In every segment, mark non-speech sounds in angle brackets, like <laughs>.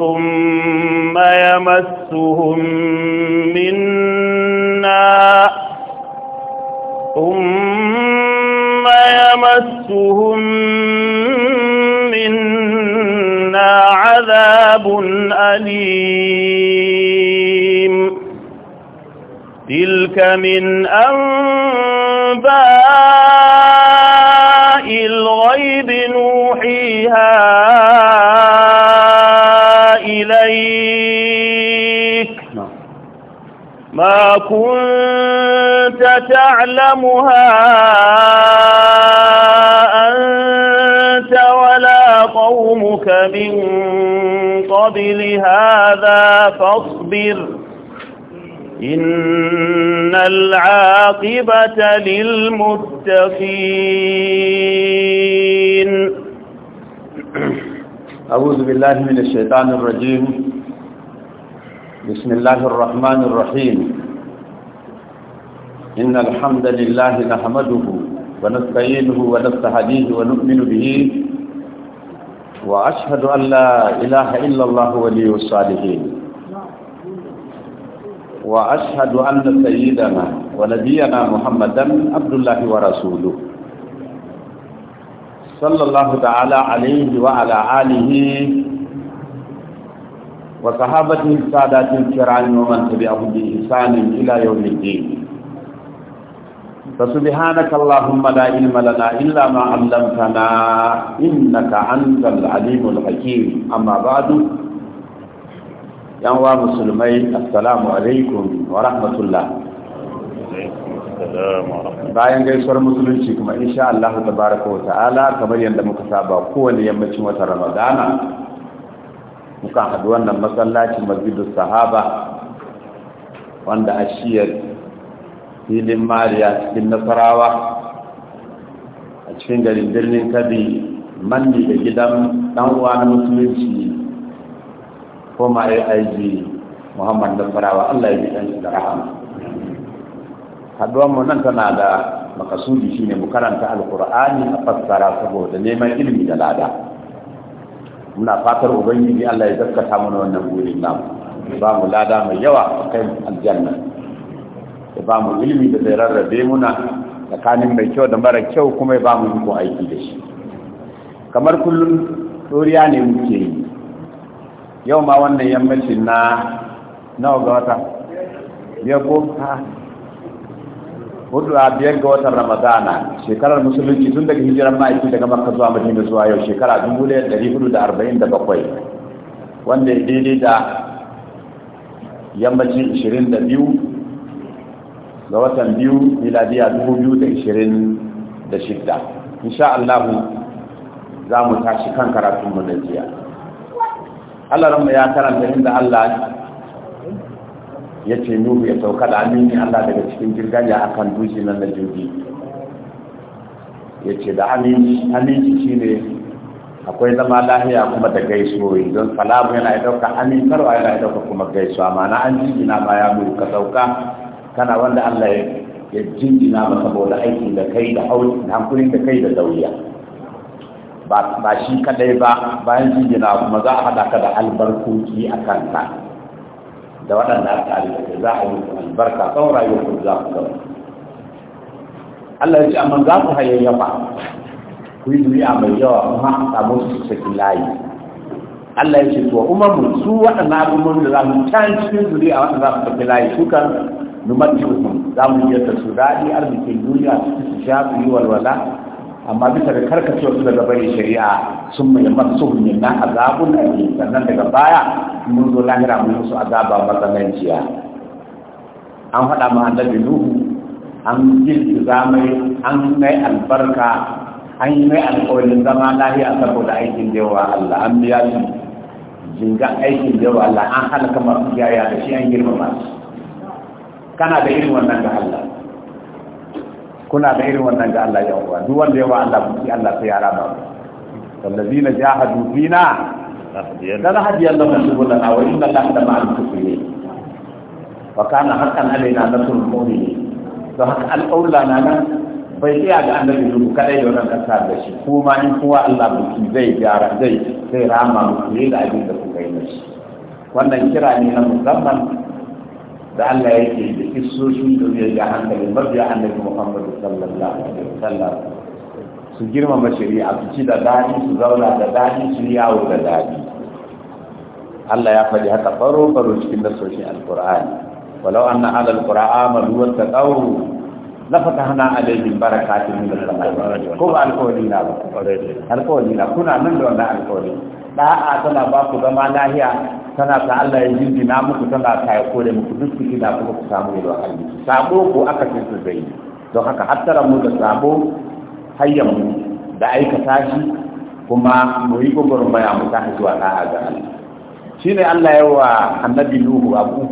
ثم يمسهم منا ثم يمسهم منا عذاب أليم تلك من أنباء ما كنت تعلمها أنت ولا قومك من قبل هذا فاصبر إن العاقبة للمتقين أعوذ بالله من الشيطان الرجيم بسم الله الرحمن الرحيم إن الحمد لله نحمده ونستعينه ونستهديه ونؤمن به وأشهد أن لا إله إلا الله ولي الصالحين وأشهد أن سيدنا ونبينا محمدا عبد الله ورسوله صلى الله تعالى عليه وعلى آله وصحابته السادات الكرام ومن تبعهم بإحسان إلى يوم الدين فسبحانك اللهم لا علم لنا إلا ما علمتنا إنك أنت العليم الحكيم أما بعد يا مسلمي السلام عليكم ورحمة الله bayan gaisuwar musulunci kuma insha Allah tabaraka wa ta'ala kamar yadda muka saba kowane yammacin watan Ramadana muka haɗu wannan masallacin masjidu sahaba wanda a shiyar filin mariya cikin nasarawa a cikin garin birnin kabi manni da gidan ɗan'uwa na musulunci ko ma'aikaji muhammad nasarawa allah ya bi ɗan da rahama haɗuwanmu nan tana da makasudi shine mu karanta alkur'ani a fassara saboda neman ilimi da lada muna fatar ubangiji Allah ya zakkata mana wannan burin namu ba mu lada mai yawa a kai aljanna ya ba mu ilimi da zai rarrabe muna tsakanin mai kyau da mara kyau kuma ya ba mu iko aiki da shi kamar kullum doriya ne muke yi yau ma wannan yammacin na nawa ga wata ya ko hudu a biyar ga watan ramadana shekarar musulunci tun daga hijirar ma'aiki daga makka zuwa madina zuwa yau shekara dubu ɗaya hudu da arba'in da bakwai wanda ya daidai da yammacin ishirin da biyu ga watan biyu miladiya dubu biyu da ishirin da shidda insha Allah za mu tashi kan mu da jiya Allah ya karanta inda Allah ya ce nuhu ya sauka da amini allah daga cikin jirganya akan dutse nan na jirgi ya ce da aminci shi ne akwai zama lahiya kuma da gaisuwoyi don salamu yana ɗauka amintarwa yana ɗauka kuma gaisuwa mana an jingina ma ya ka sauka kana wanda allah ya jingina ma saboda aiki da kai da hankulin da kai da dauriya ba shi kadai ba bayan jingina kuma za a haɗa ka da albarkoki a kanka da waɗanda aka albarka za a yi ku albarka tsawon rayuwar ku za ku zama Allah ya ce amma za ku ba ku yi duniya mai yawa kuma a samu su sakin layi Allah ya ce to umarmu su waɗanda al'ummar da za mu can cikin duniya waɗanda za su sakin layi su kan numar cikin za mu yi yadda su daɗi arzikin duniya su sha su yi walwala amma bisa da karkacewa su daga bari shari'a sun mai masu hunyar na azabun ali sannan daga baya mun zo lahira mun musu azaba matsananciya an haɗa ma annabi nuhu an gilti zamai an mai albarka an yi mai alƙawarin zama lahiya saboda aikin da yawa Allah an biya su jinga aikin da yawa Allah an halaka masu yaya da shi an girmama su kana da irin wannan ga Allah kuna da irin wannan ga Allah ya uwa duk wanda ya wa Allah buki Allah sai ya raba wallazina jahadu fina da hadiya Allah subhanahu wa inna Allah da ma'al kafirin wa kana hakan alaina nasrul mu'minin to haka aula na nan bai iya ga annabi duk kada da wannan kasa da shi kuma in kuwa Allah buki zai gyara zai zai rama muku da abin da kuka yi mashi wannan kira ne na musamman da Allah yake da kissoshi da zai ga hankali mabiya annabi Muhammad sallallahu alaihi wa sallam. su girmama shari'a su ci da daɗi, su zauna da daɗi, su yi yawo da daɗi. Allah ya faɗi haka faro faro cikin nasoshin alqur'ani walau anna ala alqur'ani amalu wa taqaw la fatahna alaihim barakatin min as-samai ko alqawli na ba alqawli na kuna nan da wannan alqawli da'a tana ba ku zama lahiya tana ta Allah ya jinjina muku tana ta ya kore muku duk su gina kuma ku samu yi hali sabo ko aka ce su zai don haka hattara mu da sabo hayyan mu da aikata shi kuma mu yi gwagwarmaya mu tashi zuwa ta'a ga Shi ne Allah ya wa annabi Nuhu abu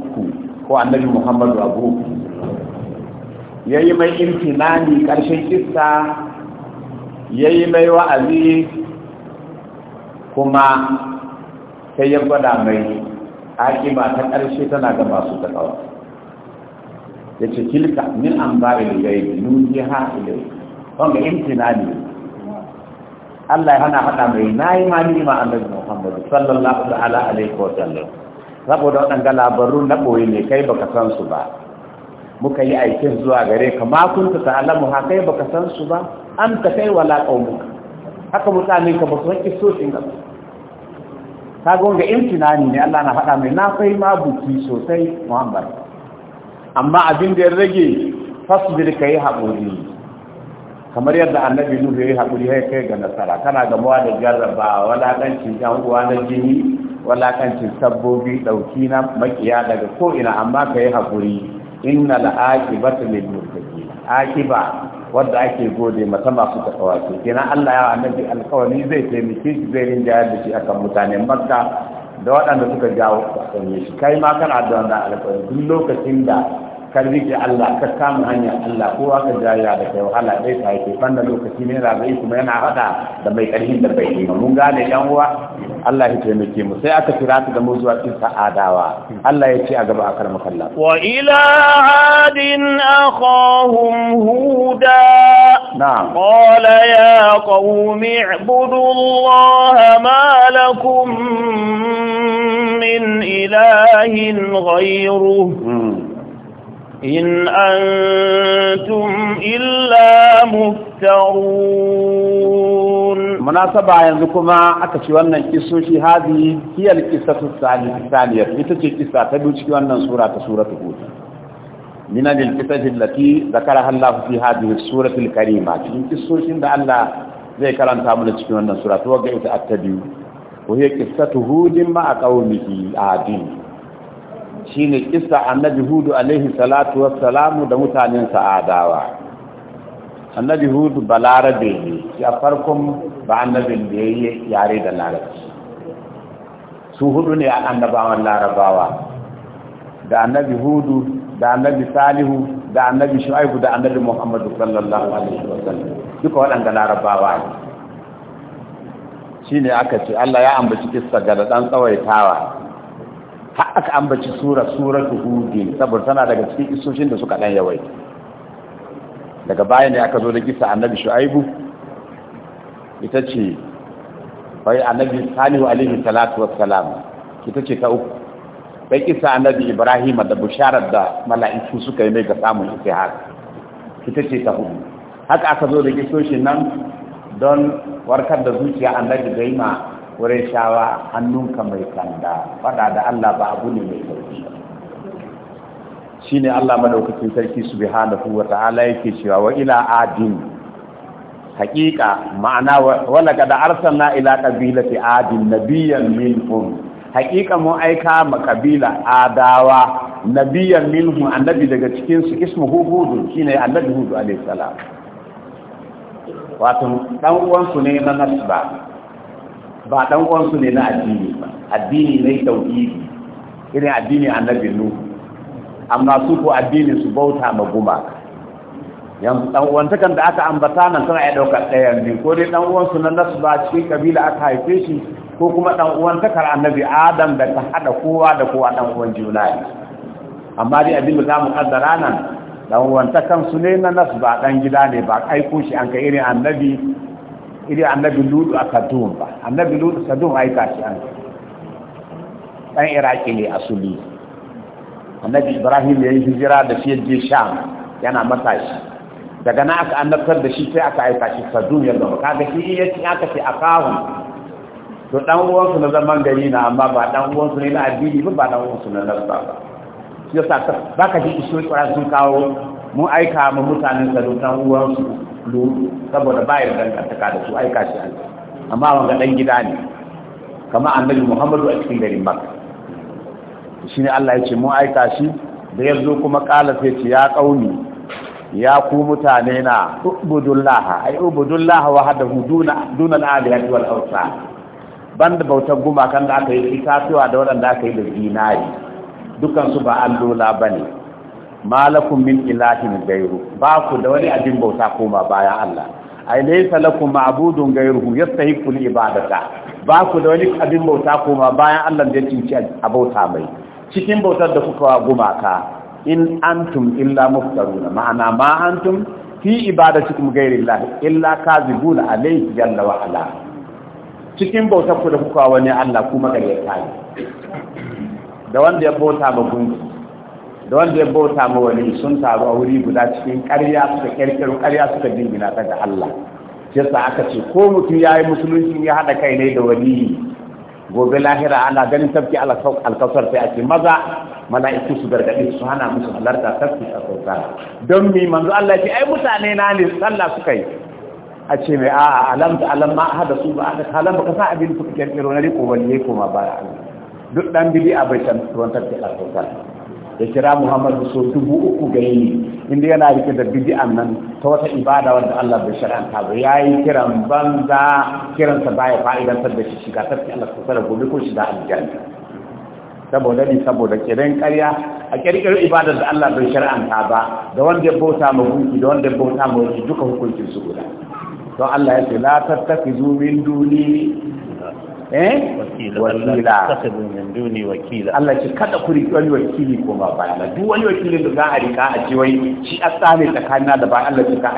ko annabi Muhammadu abu Ya yi mai imtinani karshen kissa yi mai wa'azi kuma sai ya gwada mai ba ta ƙarshe tana ga masu takawa ya ce kilka min an ba ilgai nuhi ha ilgai wanda imtina ne Allah ya hana hada mai na yi ma ni ma annabi Muhammad sallallahu ta'ala alaihi wa sallam saboda waɗanda labaru na ɓoye ne kai baka san su ba muka yi aikin zuwa gare ka ma kun ta ta'alamu ha kai baka san su ba an ta kai wala ƙaunuka haka mutane ka ba su hakki so shin ka ba ta gonga imtinani ne Allah na faɗa mai na sai ma buki sosai muhammad amma abin da ya rage fasbir ka yi haƙuri kamar yadda annabi nuhu ya yi haƙuri ya kai ga nasara kana ga mawa da jarraba cin jan uwa na jini cin sabbobi ɗauki na makiya daga ko ina amma ka yi haƙuri innal aqibatu lil muttaqin aqiba wadda ake gode mata masu takawa su kenan Allah ya annabi alkawari zai taimake shi zai rinja da shi akan mutanen makka da waɗanda suka jawo kasance shi kai ma kana da wannan alƙawari duk lokacin da ka rike Allah ka hanyar Allah ko aka jaya da kai wahala dai ka yake banda lokaci ne da zai kuma yana hada da mai karhin da bai nema mun gane yan uwa Allah ya taimake mu sai aka kira ta da mu zuwa cikin sa'adawa Allah ya ce a gaba akar makalla wa ila adin akhahum huda na'am qala ya qaumi ibudu ma lakum min ilahin ghayruhu hmm. إن أنتم إلا مفترون مناسبة ينذكما أكتشوانا كسوشي هذه هي الكسة الثانية لتجي كسة تدوشي وانا سورة سورة هود من الكسة التي ذكرها الله في هذه السورة الكريمة في كسوشي عند الله زي كلام تعمل تشكي وانا سورة وقعت التبيو وهي قصة هود مع قومه عادين shine kisa annabi hudu alaihi salatu wassalamu da mutanen sa'adawa annabi hudu balarabe ne ya farkon ba annabin da yi yare da larabci su hudu ne a annabawan larabawa da annabi hudu da annabi salihu da annabi shu'aibu da annabi muhammadu sallallahu alaihi wasallam duka waɗanda larabawa ne shine aka ce Allah ya ambaci kissa ga da dan tsawaitawa aka ambaci sura surar hudu saboda tana daga cikin isoshin da suka dan yawai daga bayan da aka zo da kisa annabi shu'aibu ita ce bai annabi salihu alaihi salatu wassalam ita ce ta uku bai kisa annabi ibrahim da busharar da mala'iku suka yi mai ga samun istihar ita ce ta hudu haka aka zo da kisoshin nan don warkar da zuciya annabi da yi ma wurin shawa hannunka mai kanda fada da Allah ba abu ne mai sauki shine Allah madaukakin sarki subhanahu wa ta'ala yake cewa wa ila adin haqiqa ma'ana wala kad arsalna ila qabilati adin min minhum haqiqa mun aika ma ƙabila adawa nabiyan minhu annabi daga cikin su ismuhu Shi shine annabi hud alayhi salam wato dan uwan su ne na nasba ba dan uwansu ne na addini ba addini ne tauhidi irin addini annabi nu amma su ko addini su bauta ma guma. yanzu dan uwantakan da aka ambata nan tana ya dauka ɗaya ne ko dai dan uwansu na nasu ba cikin kabila aka haife shi ko kuma dan uwantakar annabi adam da ta hada kowa da kowa dan uwan juna ne amma dai addini da zamu kaddara nan dan uwantakan su ne na nasu ba dan gida ne ba aiko shi an kai irin annabi iri annabi lutu a kadun ba annabi lutu kadun aika kashi an dan iraki ne asuli annabi ibrahim ya yi hijira da fiye je sham yana matashi daga na aka annabtar da shi sai aka aika shi kadun ya zama kaga shi ya ci aka ce akahu to dan uwansu na zaman gari na amma ba dan uwansu ne na addini ba ba dan uwansu na nasa ba shi yasa baka ji isu sun kawo mu aika mu mutanen sa dan uwansu domin saboda bayan dangantaka da su aika shi an amma wanga dan gida ne kama annabi muhammadu a cikin garin makka shi ne allah ya ce mun aika shi da ya zo kuma kala sai ce ya kauni ya ku mutane na ubudullaha ay ubudullaha hada huduna duna al-alihati wal awsan banda bautar gumakan da aka yi fitafiwa da waɗanda aka yi da zinari dukansu ba allola ba ne malakum min ilahin gairu ba ku da wani abin bauta koma bayan Allah ai laysa lakum ma'budun gairuhu yastahiqu ibadata ba ku da wani abin bauta koma bayan Allah da cinci a bauta mai cikin bautar da kuka gumaka in antum illa muftarun ma'ana ma antum fi ibadatikum ghairi Allah illa kazibuna alayhi jalla wa ala cikin bautar ku da kuka wani Allah kuma gare ta da wanda ya bauta ba gunki da wanda ya bauta ma wani sun taru a wuri guda cikin ƙarya suka ƙirƙiro ƙarya suka dingina ta ga Allah sai sa aka ce ko mutum ya yi musulunci ya haɗa kai ne da wani gobe lahira ana ganin tafki alƙasar sai a ce maza mala'iku su gargaɗe su hana musu halarta tafki a sauka. don mi manzo Allah ya ce ai mutane na ne sallah suka yi a ce mai a alam ta alam ma hada su ba aka kalan baka sa abin ku kirkiro na riƙo wani ya koma baya duk ɗan bibi a bai san tuwon a sauka. ya kira Muhammadu so dubu uku ga yi inda yana rike da a nan ta wata ibada wadda Allah bai shari'anta ba yi kiran banza kiransa baya fa'idantar da shi shiga tafi Allah su tsara gobe ko shiga aljanna saboda ni saboda kiran karya a kirkiro ibadar da Allah bai shari'anta ba da wanda bauta ma gunki da wanda bauta ma duka hukuncin su guda Don Allah ya ce la tattaki zumin duni Eh? wakila min duni wakila Allah ce kada ku riƙi wani wakili ko ba bayana duk wani wakilin da za a a ce wai shi a tsane tsakanina da bayan Allah ce ka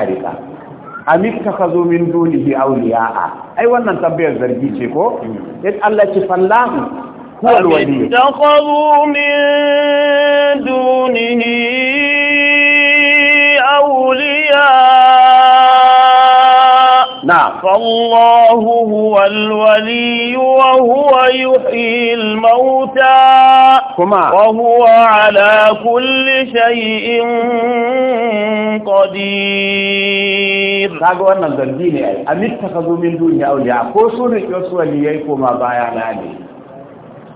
a min dunihi awliya'a ai wannan tambayar zargi ce ko in hmm. Allah fallahu نعم فالله هو الولي وهو يحيي الموتى كما وهو على كل شيء قدير kaga wannan zargi ne ai amit takazu min duniya auliya ko su rike wasu waliyai ko ma baya na ne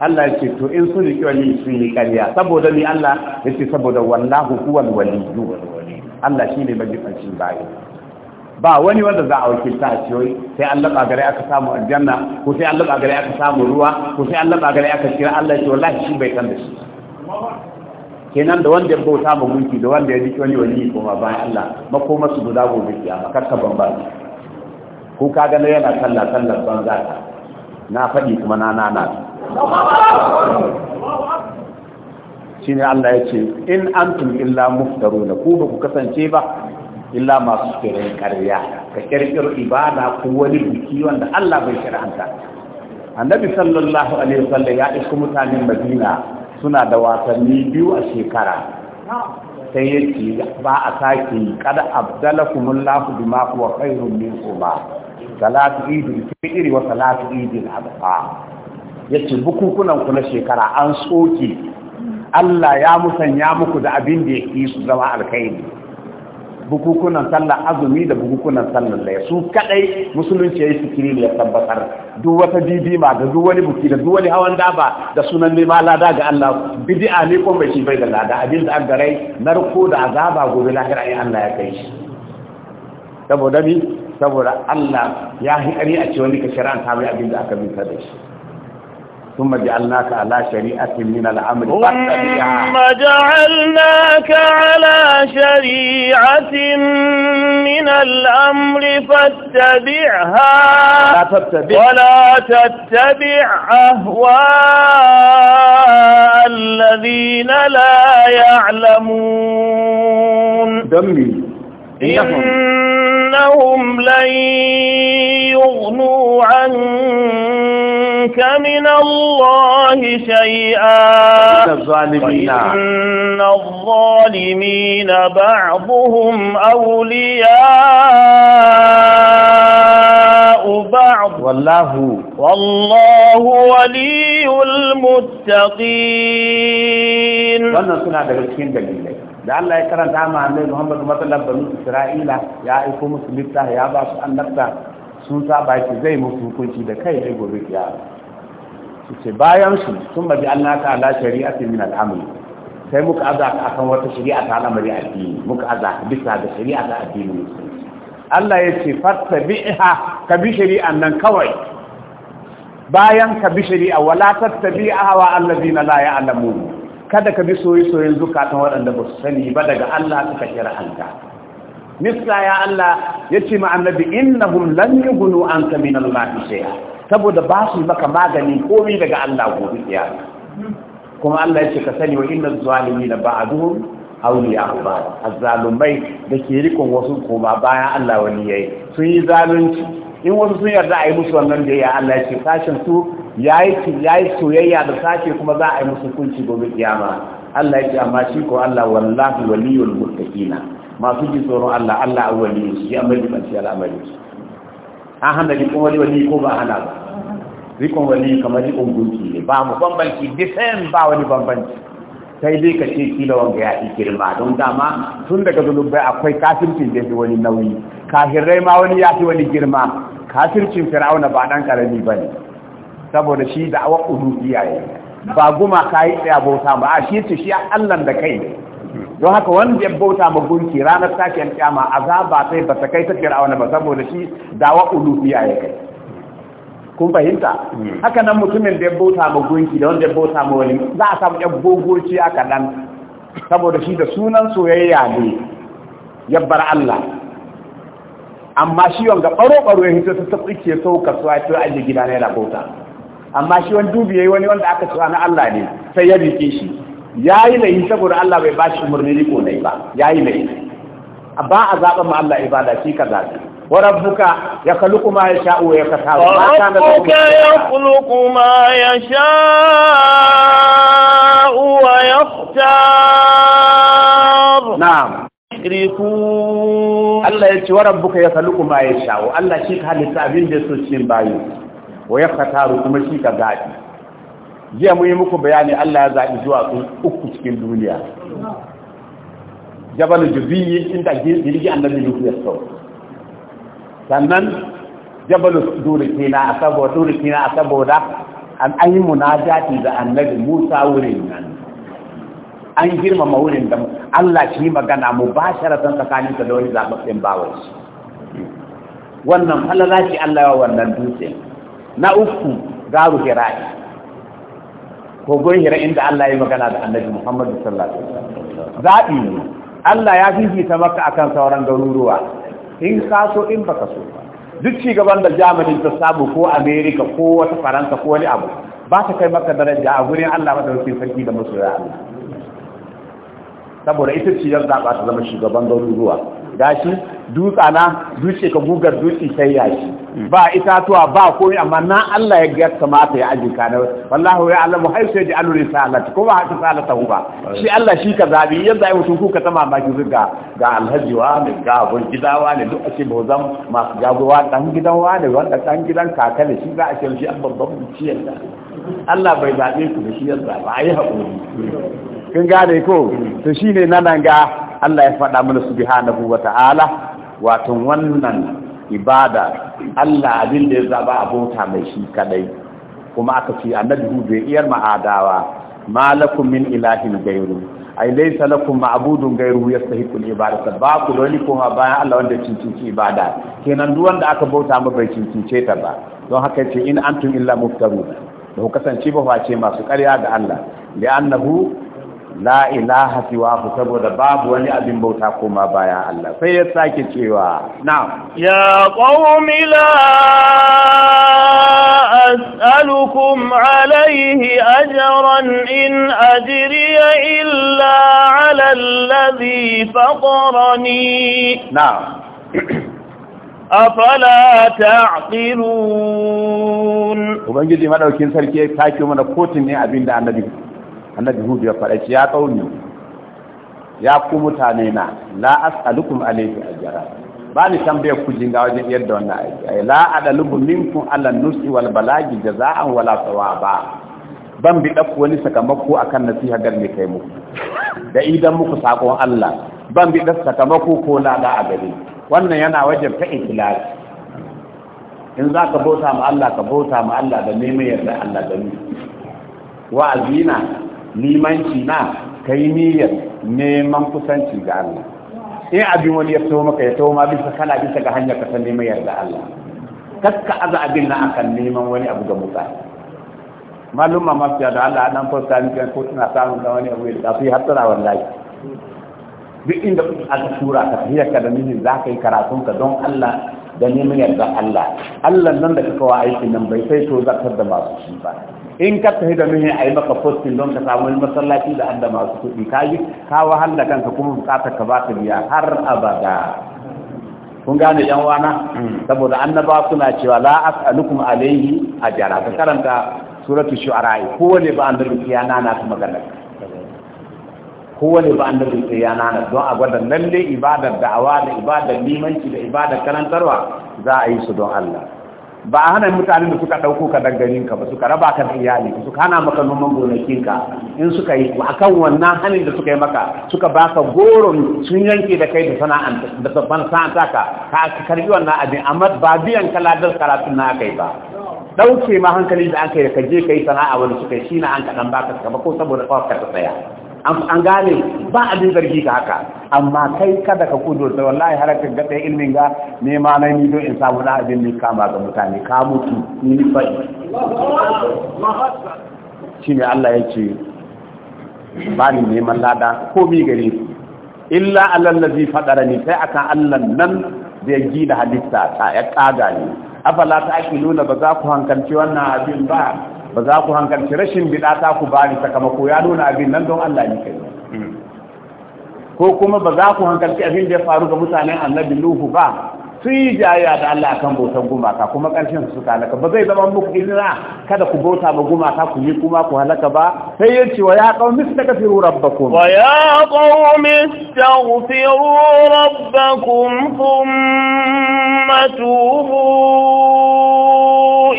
Allah ce to in su rike wali su yi karya. saboda ni Allah ya ce saboda wallahu huwal waliyyu Allah shi shine majibanci bayi ba wani wanda za a wakilta a ciyoyi sai an laba gare aka samu aljanna ko sai an laba gare aka samu ruwa ko sai an laba gare aka kira Allah ce wallahi shi bai san da shi kenan da wanda ya bauta ma gunki da wanda ya ji wani wani ko ma bayan Allah makoma su guda gobe kiyama karka bambam ko ka ga yana sallah ban banza ta na faɗi kuma na nana shine Allah ya ce in antum illa muftaruna ku ba ku kasance ba illa masu kiran ƙarya ka kirkiro ibada ko wani biki wanda Allah bai kiranta annabi sallallahu alaihi wasallam ya isko mutanen madina suna da wasanni biyu a shekara sai ya ce ba a sake kada abdalakumullahu bima huwa khairun minkuma salatu idil fitri wa salatu idil adha yace bukukunan ku na shekara an soke Allah ya musanya muku da abin da yake su zama alkhairi bukukunan sallah azumi da bukukunan sallah laya su kadai musulunci ya yi fikiri ya tabbatar duk wata bibima da duk wani buki da duk wani hawan daba da sunan nema lada ga Allah bid'a ne ko bai shi da lada abin da agarai narko da azaba gobe lahira ya Allah ya kai shi saboda bi saboda Allah ya hi a ce wani ka shari'an ta abin da aka bin da shi ثم جعلناك على شريعة من الأمر ثم جعلناك على شريعة من الأمر فاتبعها لا تتبع ولا تتبع أهواء الذين لا يعلمون دمي إنهم, لن يغنوا عنك من الله شيئا الظالمين إن الظالمين بعضهم أولياء بعض والله والله ولي المتقين da Allah ya karanta ma annabi Muhammad matsalar banu Isra'ila ya aiko musu littafi ya ba su annabta sun saba ki zai musu hukunci da kai ne gobe kiyama su ce bayan su sun baji Allah ta ala shari'atin min al'amri sai muka aza akan wata shari'a ta al'amari addini muka aza bisa da shari'a ta addini Allah ya ce fattabi'ha ka bi shari'an nan kawai bayan ka bi shari'a wala tattabi'a wa allazina la ya'lamun kada ka bi soyi-soyin zukatan waɗanda ba su sani ba daga Allah suka kira hanka misla ya Allah yace ma annabi innahum lan yughnu anka min Allah shay'a saboda ba su maka magani komai daga Allah gobe ya kuma Allah yace ka sani wa innaz zalimin ba'duhum auliya ba az-zalimai da ke rikon wasu koma bayan Allah wani yayi sun yi zalunci in wasu sun yarda a yi musu wannan da ya Allah ce sashen su ya yi soyayya da sashe kuma za a yi musu kunci gobe kiyama Allah ya ce amma shi ko Allah wallahi waliyul muttaqina masu ji tsoron Allah Allah awwali shi ya mai banci al'amari an hana kuma wani wani ko ba hana ba rikon wani kamar rikon gunki ne ba mu bambanci the same ba wani bambanci sai dai ka ce kila wanda ya yi girma don dama tun daga zunubai akwai kafircin da fi wani nauyi kafirai ma wani ya fi wani girma kafircin fir'auna ba dan karami ba ne saboda shi da awa uluhiyya ne ba guma ka yi tsaya bauta ba a shi ce shi allah da kai don haka wanda ya bauta ma gunki ranar tashin kyama azaba sai ba ta kai ta fir'auna ba saboda shi dawa uluhiyya ya kai kun fahimta hmm. haka nan mutumin da ya bauta ma gunki da wanda ya bauta ma wani za a samu yan gogoci a kaɗan. saboda shi da sunan soyayya ne bar Allah amma shi wanga ɓaro-ɓaro ya hito ta ke sauka a cewa ajiye gida na yana bauta amma shi wani dubi yi wani wanda aka tsana Allah ne sai ya rike shi yi laifi saboda Allah bai ba shi umarni riko yi ba ya yi laifi ba a zaɓa ma Allah ibada shi ka zaɓi وربك يخلق ما يشاء ويختار وربك يخلق ما يشاء ويختار نعم يشركون الله يتي وربك يخلق ما Allah الله شيك halitta abin da so cikin bayi wa yakhtaru kuma shi ka zabi jiya mu yi muku bayani Allah ya zabi zuwa uku cikin duniya jabal jubiyi inda annabi sannan jabalu turikina a saboda turikina a saboda an an yi munajati da annabi musa wurin nan an girmama wurin da Allah shi magana mu ba sharatan tsakanin ta da wani zaɓaɓɓen shi. wannan falala ce Allah ya wannan dutse na uku garu hira'i kogon hira inda Allah ya magana da annabi Muhammadu sallallahu alaihi wasallam zaɓi ne Allah ya fifita maka akan sauran garuruwa in ka so in baka so ba duk ci gaban da Germany ta samu ko America ko wata Faransa ko wani abu ba ta kai maka daraja a gurin Allah da madaukakin sarki da masoya Allah saboda ita ce yar zaba ta zama shugaban garuruwa gashi dutsa na dutse ka gugar dutse sai yashi ba itatuwa ba komai amma na Allah ya ga kamata ya ajinka na wallahi ya alamu hay sai da alu risalati kuma ba haka salata hu ba shi Allah shi ka zabi yanda ai mutum kuka ta mamaki zuga ga alhaji wa ne ga gon gidawa ne duk ake bozan masu jagowa dan gidawa ne wanda dan gidan kaka shi za a ce shi an babban ciyar Allah bai zabe ku da shi yanda ba ai haƙuri kin gane ko to shine nan ga Allah ya faɗa mana subhanahu ta'ala. wato wannan ibada Allah abin da ya zaba abota mai shi kadai kuma aka ce annabi hu bai iyar ma'adawa malakum min ilahin gairu ai laysa lakum ma'budun gairu yastahiqul ibadata ba ku dole kuma bayan Allah wanda cincinci ibada kenan duk wanda aka bauta ma bai cincince ta ba don haka ce in antum illa muftarun da ku kasance ba wace masu ƙarya ga Allah li'annahu la ilaha siwahu saboda babu wani abin bauta koma baya Allah sai ya sake cewa na'am ya qaumi la as'alukum alayhi ajran in ajriya illa 'ala alladhi fatarani na'am <clears throat> afala ta'qilun ubangiji madaukin sarki ya take mana kotun ne abinda annabi annabi hudu ya faɗa ya ƙauni ya ku mutane na la as'alukum alayhi ajra ba ni tambaye ku jinga wajen yadda wannan aiki ay la adalubu minkum ala nusi wal balagi jaza'an wala thawaba ban bi dakku wani sakamako akan nasiha gar me kai muku da idan muku sakon Allah ban bi dakku sakamako ko lada a gare wannan yana wajen ta ikhlas in za ka bauta ma Allah ka bauta ma Allah da neman yarda Allah da ni wa'azina limanci na yi niyyar neman kusanci ga Allah in abin wani ya taho maka ya taho ma bisa kana bisa ga hanyar ka ta neman yarda Allah kakka aza abin na akan neman wani abu ga mutane malum ma mafiya da Allah dan fasta ni kan ko tana samun da wani abu da fi hatta wallahi duk inda aka tura ka fiye ka da nini za ka yi ka don Allah da neman yarda Allah Allah nan da kakawa wa aikin nan bai sai to zartar da masu shi ba in ka tafi da mihin a yi maka postin don ka samu masallaci da adda masu kuɗi ka yi ka wahala kanka kuma bukatar ka ba ta biya har abada kun gane yan wana saboda annaba suna cewa la as'alukum alayhi ajra ka karanta suratul shu'ara kowane ba annabi ya nana su magana kowane ba annabi ya nana don a gwada lalle ibadar da'awa da ibadar limanci da ibadar karantarwa za a yi su don Allah ba a hana mutanen da suka ɗauko ka dangarin ka ba suka raba ka da iyali suka hana maka noman gonakin ka in suka yi akan wannan hanin da suka yi maka suka baka goro sun yanke da kai da sana'anta da sabban sa'anta ka ka karbi wannan abin amma ba biyan kaladar karatun na kai ba ɗauke ma hankali da aka kai ka je ka yi sana'a wani suka yi shi na an kaɗan baka ba ko saboda kawai ka tsaya an gane ba abin zargi ga haka amma kai kada ka kudo da wallahi har ka gata ilmin ga ne ma na ni don in samu na abin ne kama ga mutane ka mutu ni shi ne Allah ya ce ba ni neman lada ko mi gare illa alal ladhi fadarani sai akan Allah nan da ya gina halitta ta ya kaga ni afala ta akiluna ba za ku hankalci wannan abin ba ba za ku hankalci rashin bida ta ku ni sakamako ya nuna abin nan don Allah ne kai hmm. ko kuma ba za ku hankalci abin da ya faru ga mutanen annabi Nuhu ba sun yi jayayya da Allah kan bautan gumaka kuma ƙarshen su suka halaka ba zai zama muku izina kada ku bauta ba gumaka ku yi kuma ku halaka ba sai ya ce wa ya qaumi astaghfiru rabbakum wa ya qaumi astaghfiru rabbakum thumma tubu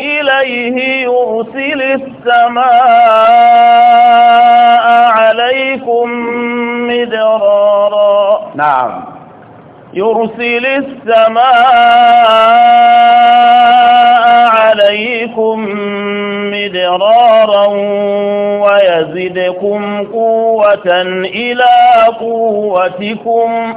ilayhi yursilis samaa alaykum midrara na'am يرسل السماء عليكم مدرارا ويزدكم قوة إلى قوتكم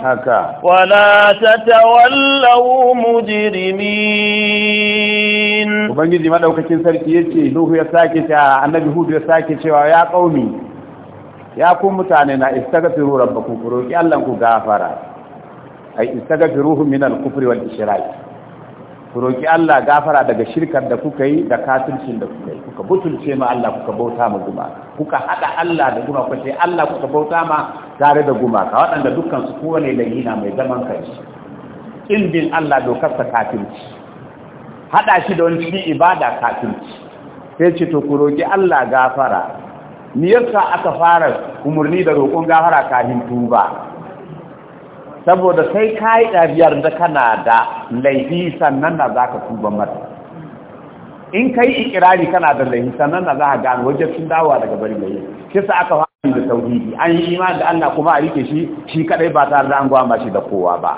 ولا تتولوا مجرمين وبنجي ما لو كتن سركي يتي نوه يساكي النبي هود يساكي يا قومي يا قوم متاننا استغفروا ربكم فروكي الله غفرا ay istaghfiruhu min al-kufri wal ishrak ku roki Allah gafara daga shirkar da kuka yi da kafircin da kuka yi kuka butulce ma Allah kuka bauta ma guma kuka hada Allah da guma kuka ce Allah kuka bauta ma tare da guma ka waɗanda dukkan su kowane lahina mai zaman kanshi in bin Allah dokar ta kafirci hada shi da wani cikin ibada kafirci sai ce to ku roki Allah gafara ni yasa aka fara umurni da roƙon gafara kafin tuba saboda sai ka yi ɗariyar da kana da laifi sannan na za ka tuba mata in ka yi ikirari kana da laifi sannan na za ka gano wajen sun dawa daga bari laifi kisa aka haɗu da tauhidi an yi imani da Allah kuma a rike shi shi kadai ba tare da an gwama shi da kowa ba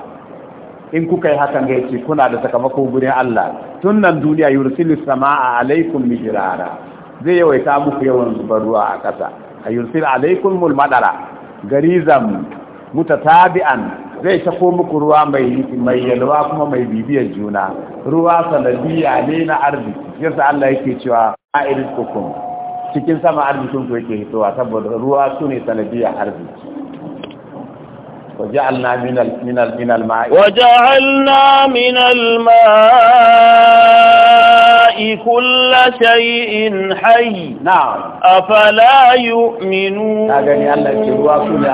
in kuka yi hakan ga yace kuna da sakamako gurin Allah tun nan duniya yursilu samaa alaikum mijrara zai yawaita muku yawan zubar ruwa a kasa ƙasa yursilu alaikum mulmadara Muta, mutatabi'an zai tako muku ruwa mai mai yalwa kuma mai bibiyar juna ruwa sanadiyya ne na arziki yasa Allah yake cewa a irizkukum cikin sama arzikin ku yake hitowa saboda ruwa su ne sanadiyya arziki وجعلنا من من من الماء وجعلنا من الماء كل شيء حي نعم أفلا يؤمنون هذا يعني الله يقول رسول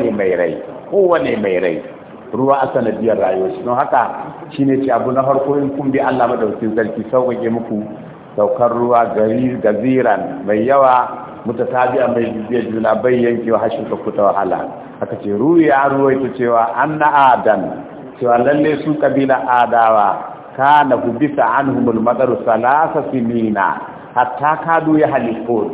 الله صلى kowane mai rai ruwa a sanadiyar rayuwar shi don haka shi ne ce abu na harko in kun bi Allah madaukin sarki sauƙaƙe muku saukar ruwa gari gaziran mai yawa muta tabi'a mai bibiyar juna bai yanke wa hashin wahala aka ce ya ruwa ita cewa an na adan cewa lalle su kabila adawa kana hubisa humul madaru salasa simina hatta kadu ya halifo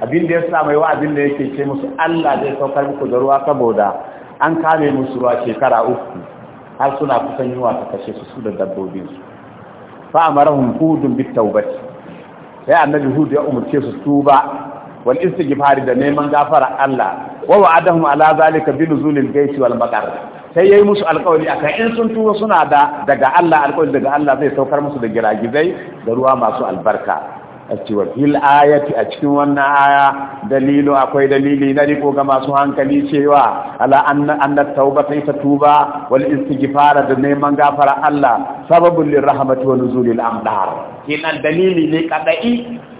abin da ya sa mai wa'azin da yake ce musu Allah zai saukar muku da ruwa saboda an kame musu ruwa shekara uku har suna kusan wa ta kashe su su da dabbobinsu fa amarahum hudun bit tawbati sai annabi Hudu ya umurce su tuba wal istighfar da neman gafara Allah wa wa'adahum ala zalika bi nuzulil gaisi wal baqar sai yayi musu alƙawari akan in sun tuba suna da daga Allah alƙawari daga Allah zai saukar musu da giragizai da ruwa masu albarka a ciwar fil ayati a cikin wannan aya dalilu akwai dalili na riko ga masu hankali cewa ala anna anna ta ita tuba wal istighfar da neman gafara Allah sababul lirahmati wa nuzulil amdar kinan dalili ne kadai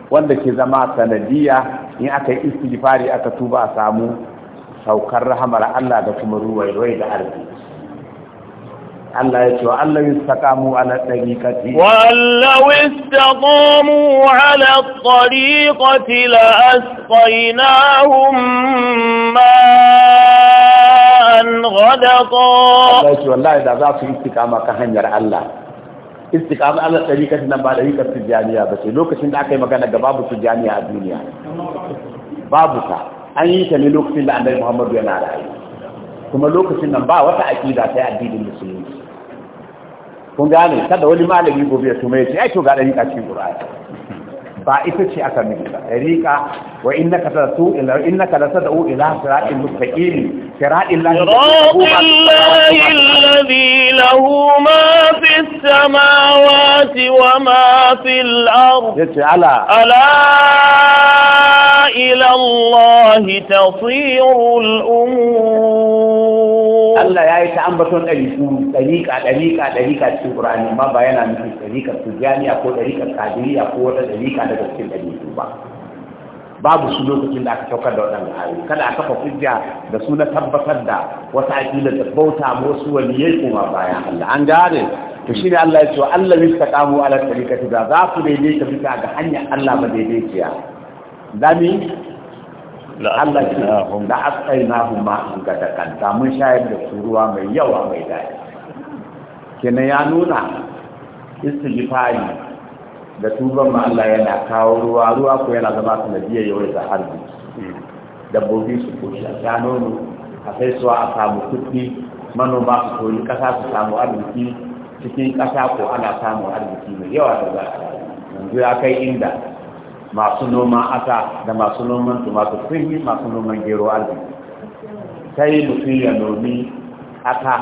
wanda ke zama sanadiya in aka istighfari aka tuba a samu saukar rahamar Allah da kuma ruwai da arziki Allah ya ce wa Allah istaqamu ala tariqati wa law istaqamu ala tariqati la asqaynahum ma'an ghadqa Allah ya ce wallahi da za su istiqama kan hanyar Allah istiqama ala tariqati nan ba da yikar tijaniya ba ce lokacin da aka yi magana ga babu tijaniya a duniya babu ta an yi ta ne lokacin da annabi Muhammadu yana rayu kuma lokacin nan ba wata aqida sai addinin musulmi kun gane kada wani malami gobe ya tume shi ai to ga dariƙa cikin qur'ani ba ita ce aka miki ba dariƙa wa innaka tasu ila innaka la tad'u ila sirati mustaqim sirati lahi alladhi lahu ma fis samawati wa ma fil ard yace ala ala ila allahi tasiru al umur Allah ya yi ta ambaton ɗariƙu ɗariƙa ɗariƙa ɗariƙa cikin Qur'ani ma ba yana nufin ɗariƙar Tijjaniya ko ɗariƙar kadiriya ko wata ɗariƙa daga cikin ɗariƙu ba babu su lokacin da aka saukar da waɗannan ayoyi kada a kafa hujja da su na tabbatar da wata aƙila da bauta ma wasu yi kuma bayan Allah an gane to shine Allah ya ce Allah ya saka mu ala tariqati da za ku daidaita bisa ga hanyar Allah ba daidaiciya dami Allah ce la ma ma'an gadakan da mun shayar da su ruwa mai yawa mai daɗi kenan ya nuna istighfari da tuban ma Allah yana kawo ruwa ruwa ko yana zama sanadiyar yawaita arziki dabbobi su ko a ya nuna a sai suwa a samu kuɗi manoma su koyi ƙasa su samu arziki cikin kasa ko ana samun arziki mai yawa da za a yanzu ya kai inda masu noman aka da masu noman tumatu sun yi masu noman gero arziki sai mutum ya nomi aka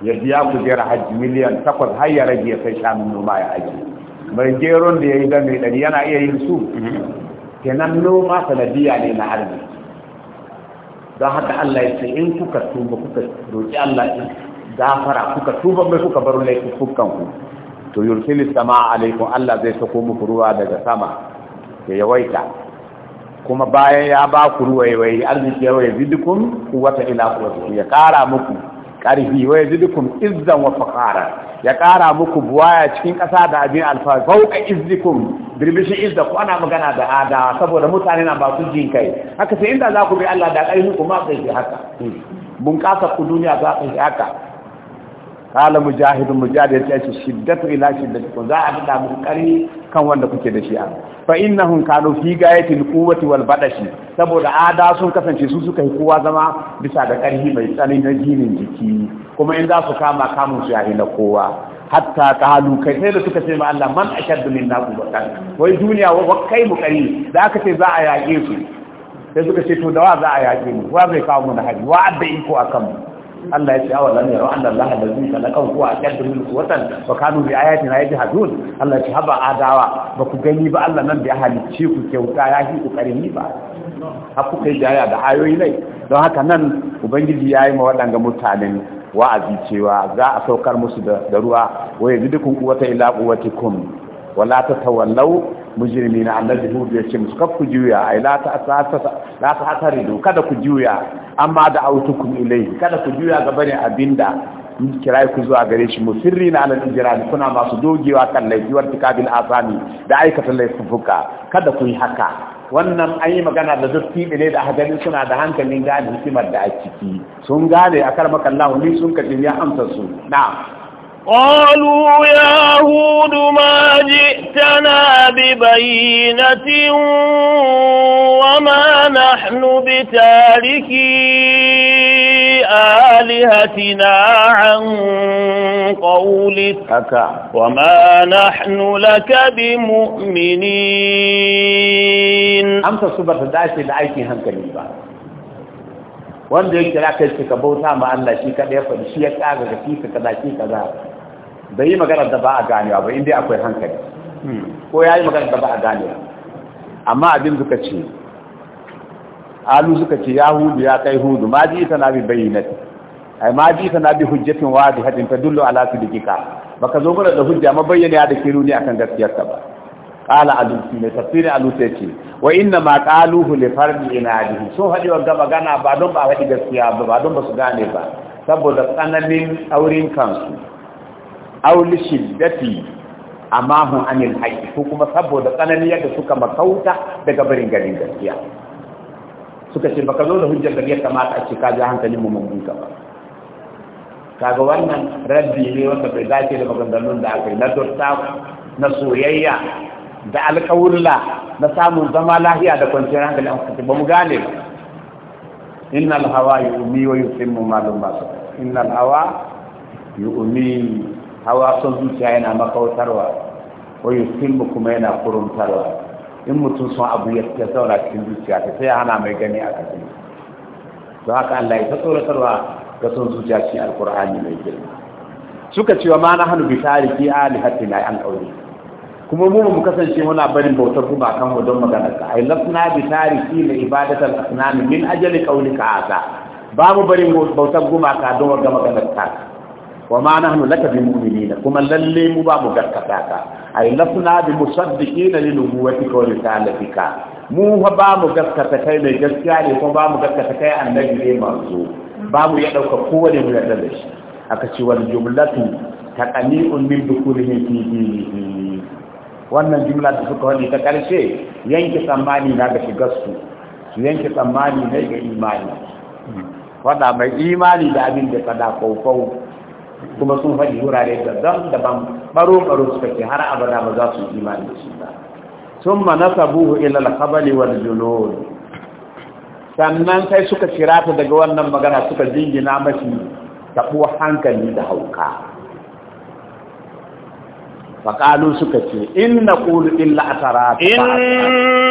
ya biya jera hajji miliyan takwas har ya rage ya sai shanun noma ya aji mai geron da ya yi game ɗari yana iya yin su kenan noma sanadiyya ne na arziki don haka Allah ya ce in kuka tuba kuka roƙi Allah in gafara kuka tuba mai kuka bar laifukan ku to yursilis sama alaikun Allah zai sako muku ruwa daga sama ya yawaita kuma bayan ya ba ku ruwaiwai arziki ya zidikun kuwata ila kuwata ya kara muku karfi wai zidikun izzan wa fakara ya kara muku buwaya cikin kasa da abin alfa fauka izzikum birbishin izza ku ana magana da ada saboda mutane na ba su jin kai haka sai inda za ku bi Allah da ƙarfi kuma sai haka bunƙasa ku duniya za ta haka qala mujahid ya yace shiddatu ila shiddati kun za a fada muku kari kan wanda kuke da shi a fa innahum kanu fi gayatil quwwati wal badashi saboda ada sun kasance su suka yi kowa zama bisa da karhi mai tsanani na jinin jiki kuma in za su kama kamun su yahi na kowa hatta kalu kai sai da suka ce ma Allah man ashaddu minna quwwatan wai duniya wa kai mu kari da aka ce za a yaƙe su sai suka ce to da wa za a yaƙe mu wa zai kawo mu na hari wa adda iko akan mu Allah ya ce awa lam yaro anna Allah da khalaqahu huwa aqaddu min quwwatan wa kanu bi ayatina yajhadun Allah ya ce haba adawa ba ku gani ba Allah nan da ya halicce ku kyauta ya yi kokarin ba har ku yi jaya da ayoyi nai don haka nan ubangiji ya yi ma waɗanga mutanen wa'azi cewa za a saukar musu da ruwa wa yanzu dukun quwwata ila quwwatikum wala tatawallaw mujirmi na annabi hudu ya ce musu kaf ku juya ai la ta la ta kada ku juya amma da autukum ilayhi kada ku juya ga bane abinda kirai ku zuwa gare shi musirri na alal ijrani kuna masu dogewa kan laifi wa tikabil asami da aikata laifuka kada ku yi haka wannan an yi magana da zurfi ne da hadari suna da hankalin gane hikimar da a ciki sun gane akar makallahu ni sun kashe ya amsa su na قالوا ya ببينة وما نحن بتاركي آلهتنا عن قولك وما نحن لك بمؤمنين أمس الصبر فدعش لعيكي هم كليبا وانده اكترا كيس كبوتا أن لا شيء كده فلشيه كده كيف كده شيء كده بأي مقرد دباء أقاني وابا إندي أكوي هم كليبا ko ya yi magana ba a gane amma abin suka ce alu suka ce ya hudu ya kai hudu ma ji ita na bi bayyanati ai ma ji ita na bi hujjatin wadi hadin ta dullu ala sidqika baka zo mana da hujja ma bayyana da kiru ne akan gaskiyar ka ba qala alu ne tafsiri alu sai ce wa inna ma qaluhu li fardi inadihi so hadi wa magana ba don ba hadi gaskiya ba ba don ba su gane ba saboda tsananin aurin kansu auli shiddati amma hun anil haƙi ko kuma saboda tsananiyar yadda suka makauta daga barin garin gaskiya suka ce baka zo da hujjar da ya kamata a ce ka ji hankalin mu mun buka ba kaga wannan rabbi ne wanda bai dace da maganganun da aka yi na dotta na soyayya da alƙawurla na samun zama lahiya da kwanciyar hankali a ba mu gane ba innal hawa yu'mi wa yusimmu malum basu innal hawa yu'mi hawa zuciya yana makautarwa wayo silmu kuma yana kuruntarwa in mutum sun abu ya zauna cikin zuciya ta sai hana mai gani a ƙasa don haka Allah ya ta tsoratarwa ga sun zuciya cikin alkur'ani mai girma suka cewa ma na hannu bitari fi na an kauri kuma mu mu kasance muna barin bautar gumakan mu don magana ka ai lafna bitari fi la ibadatul asnam min ajali ka aza ba mu barin bautar ka don maganar ka wa ma nahnu laka bi mu'minina kuma lalle mu ba mu gaskata ka ay lasna bi musaddiqina li nubuwatika wa risalatika mu fa ba mu gaskata kai mai gaskiya ne ko ba mu gaskata kai annabi ne manzo ba mu ya dauka kowane mu yarda da shi aka ce wal jumlatu taqani'un min dukulihi fi dinihi wannan jumla da suka wani ta karshe yanke tsammani na ga shigarsu su yanke tsammani na ga imani wanda mai imani da abin da kada kaufau kuma sun faɗi wurare da zan daban baro-baro suka ke har abada ba za su imani da shi ba sun ma nasabuhu ilal khabali wal junun sannan sai suka kira daga wannan magana suka jingina mashi taɓo hankali da hauka فقالوا سكتي إن نقول إلا اعتراك إن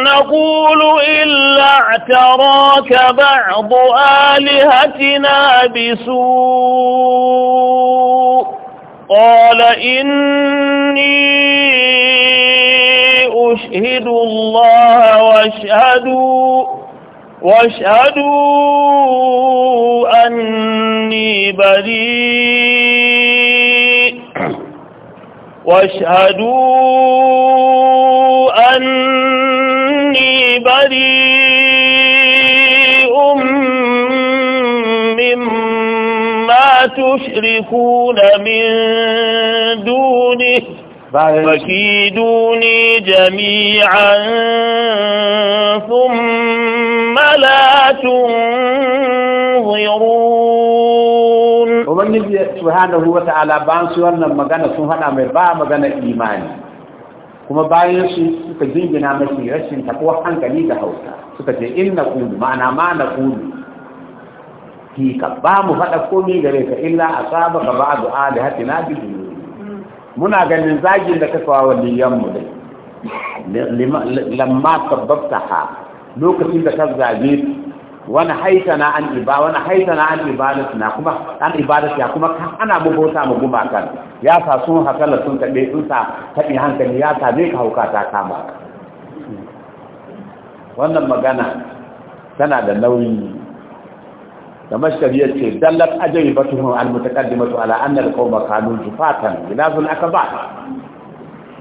نقول إلا اعتراك بعض آلهتنا بسوء قال إني أشهد الله واشهدوا واشهدوا أني بريء واشهدوا أني بريء مما تشركون من دونه فكيدوني جميعا ثم لا تنظرون subhanahu wa ta'ala bayan su wannan magana sun hada mai ba magana imani kuma bayan su suka jingina mashi rashin takuwar hankali da hausa suka ce in na kudu ma'ana ma na kudu ka ba mu faɗa komi gare ka illa a saba ka ba du'a da hati na bi muna ganin zagin da kasa wa liyan mu dai lamma sabbabta ha lokacin da ka zage wani haitana an iba wani haitana an na kuma an ya kuma ana bubota mu kan, ya sa sun hakala sun tabe sun sa hankali ya sa zai ka ta kama wannan magana tana da nauyi da mashkari ya ce dallat ajai batuhun almutaqaddimatu ala anna alqawma kanu jufatan ba?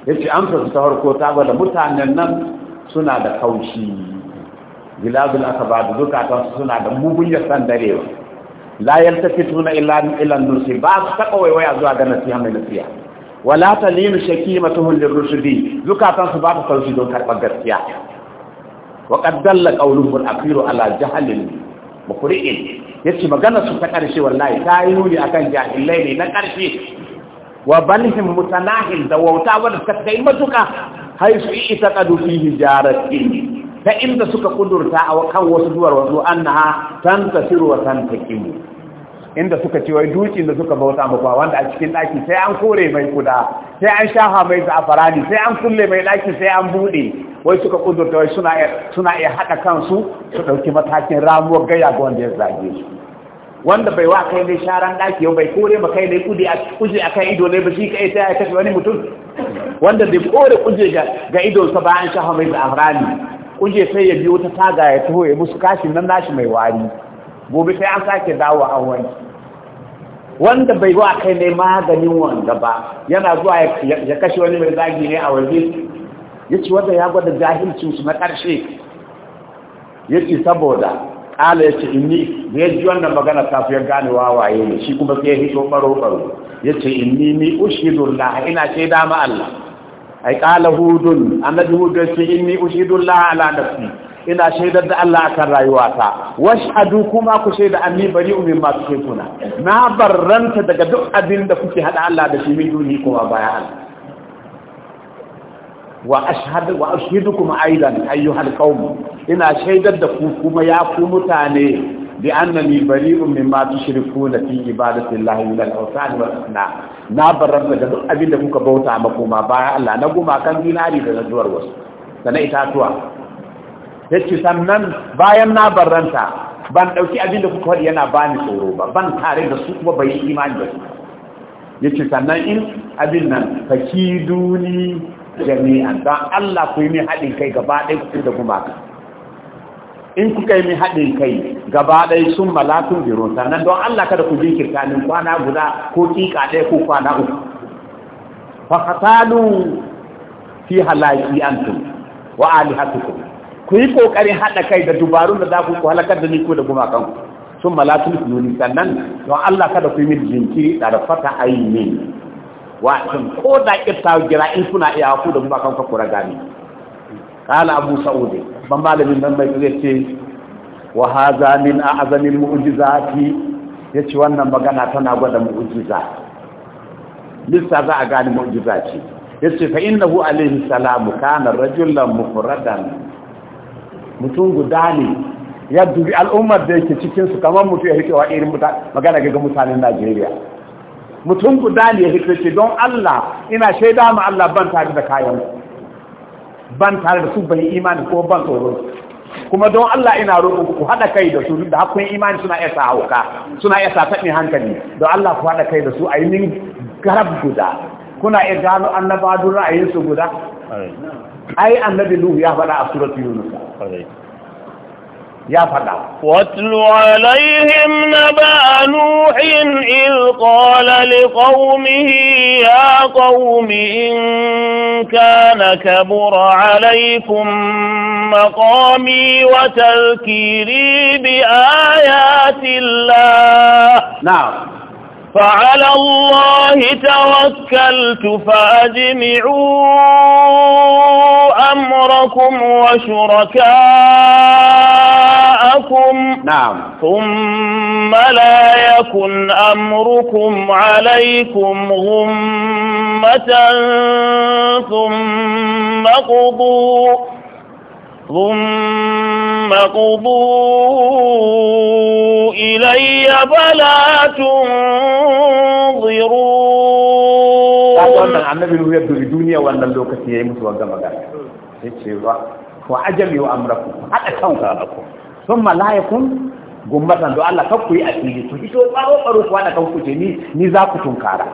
Ya ce amsa ta harko ta gwada mutanen nan suna da kaushi gilabul asabad zukatan suna da mugun yasan darewa la yaltafituna illa ila nursi ba su taba zuwa ga nasiha mai nasiha wala talinu shakimatuhum lirrushdi zukatan su ba ta sauki don karɓar gaskiya wa qad dalla qawluhu al-akhir ala jahlin mukri'in yace magana su ta karshe wallahi ta yi nuni akan jahilai ne na karshe wa balhim mutanahil da wauta wadda ta kai matuka haisu ita kadu fi hijaratin ta inda suka kudurta a kan wasu duwar wasu annaha tan tasiru wa tan takimu inda suka ce wai dukin da suka bauta ba, wanda a cikin daki sai an kore mai kuda sai an shafa mai zafarani sai an kulle mai daki sai an bude wai suka kudurta wai suna suna iya hada kansu su dauki matakin ramuwa, gaya ga wanda ya zage su wanda bai wa kai ne sharan daki bai kore ba kai ne kudi a kuje a kai ido ne ba shi kai sai ya kashe wani mutum wanda bai kore kuje ga sa ba an shafa mai zafarani kuje sai ya biyo ta taga ya taho ya musu kashin nan nashi mai wari gobe sai an sake dawo a wani wanda bai zuwa kai ne maganin wanda ba yana zuwa ya kashe wani mai zagi ne a waje ya ce wanda ya gwada su na ƙarshe ya ce saboda ƙala ya ce inni da ya ji wannan magana ta fiye gane wawaye ne shi kuma sai ya hito ɓaro-ɓaro ya ce inni ni ushidu ina ce dama Allah ai qala hudun annabi hudun ce inni ushidu la ala nafsi ina shaidar da Allah akan rayuwata washhadu kuma ku shaida anni bari umin ma kuke kuna na barranta daga duk abin da kuke hada Allah da shi min duni kuma baya wa ashhadu wa ashhidukum aidan ayyuhal qaum ina shaidar da ku kuma ya ku mutane bi annani bari'un mimma tushrikuna fi ibadati llahi min al-awsan wal na da duk abin da kuka bauta ma kuma baya Allah na goma kan dinari da nazuwar wasu da na itatuwa yace sannan bayan na barranta ban dauki abin da kuka wadi yana bani tsoro ba ban tare da su kuma bai imani da su yace sannan in abin nan fakiduni jami'an dan Allah ku yi min haɗin kai gaba ɗaya ku da gumaka in kuka yi min haɗin kai gaba ɗaya sun malatun biro sannan don Allah kada ku jinkir min kwana guda ko kika ɗaya ko kwana uku fa qatalu fi halaki antum wa alihatukum ku yi kokarin haɗa kai da dubarun da za ku halakar da ni ko da gumakan sun malatun biro sannan don Allah kada ku yi min jinkiri da rafata ayi wa ko da kirta gira in kuna iya ku da gumakan ka kura gani قال abu سعود بما malamin من bai zai ce wa haza min a'zamin yace wannan magana tana gwada mu'jiza lissa za a gani mu'jiza ce yace fa innahu alayhi salam kana rajulan mufradan mutum guda ne ya dubi al'ummar da yake cikin su kamar mutum ya hikewa irin magana ga mutanen Najeriya mutum guda ne ya hikewa don Allah ina shaida ma Allah ban tare da kayan ban tare da su bai imani ko ban tsoro kuma don Allah ina roƙo ku haɗa kai da su da hakkun imani suna iya sa hauka suna iya sa taɓin hankali don Allah ku haɗa kai da su a min garab guda kuna iya gano annabadun ra'ayinsu guda ai annabi Nuhu ya faɗa a suratul Yunus يا فرداو واتل عليهم نبا نوح اذ قال لقومه يا قوم ان كان كبر عليكم مقامي وتذكيري بايات الله نعم فعلى الله توكلت فاجمعوا امركم وشركائكم لكم نعم ثم لا يكن أمركم عليكم غمة ثم قضوا ثم قضوا إلي فلا تنظرون wannan annabi ruhu ya duri duniya wannan lokaci yayi musu ce wa ko ajami wa amraku hada sun malayakun gumbatan don Allah kakku yi a fili ku fito tsaro tsaro kuwa da kanku ce ni za ku tunkara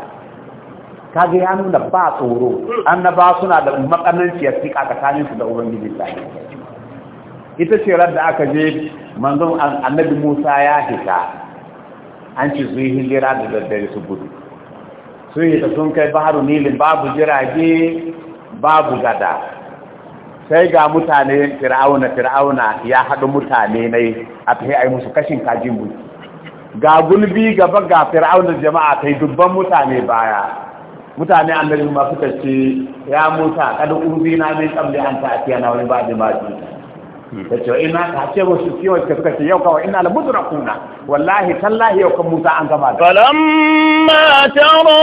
ta ga ya nuna ba tsoro an na ba suna da matsananciyar fika tsakanin su da ubangiji ta ita ce da aka je manzon annabi Musa ya hita an ci su yi hijira da daddare su gudu su hita sun kai baharu nilin babu jirage babu gada sai ga mutane fir'auna fir'auna ya haɗu mutane ne a ta yi musu kashin kajin mu ga gulbi gaba ga fir'auna jama'a ta yi dubban mutane baya mutane da ma mafi ce ya a kada ƙungi na mai qabli an wani ba da ma kace ina ka ce su ciwon ka kace yau kawai ina la mudrakuna wallahi tallahi yau kan musa an gaba da falamma tara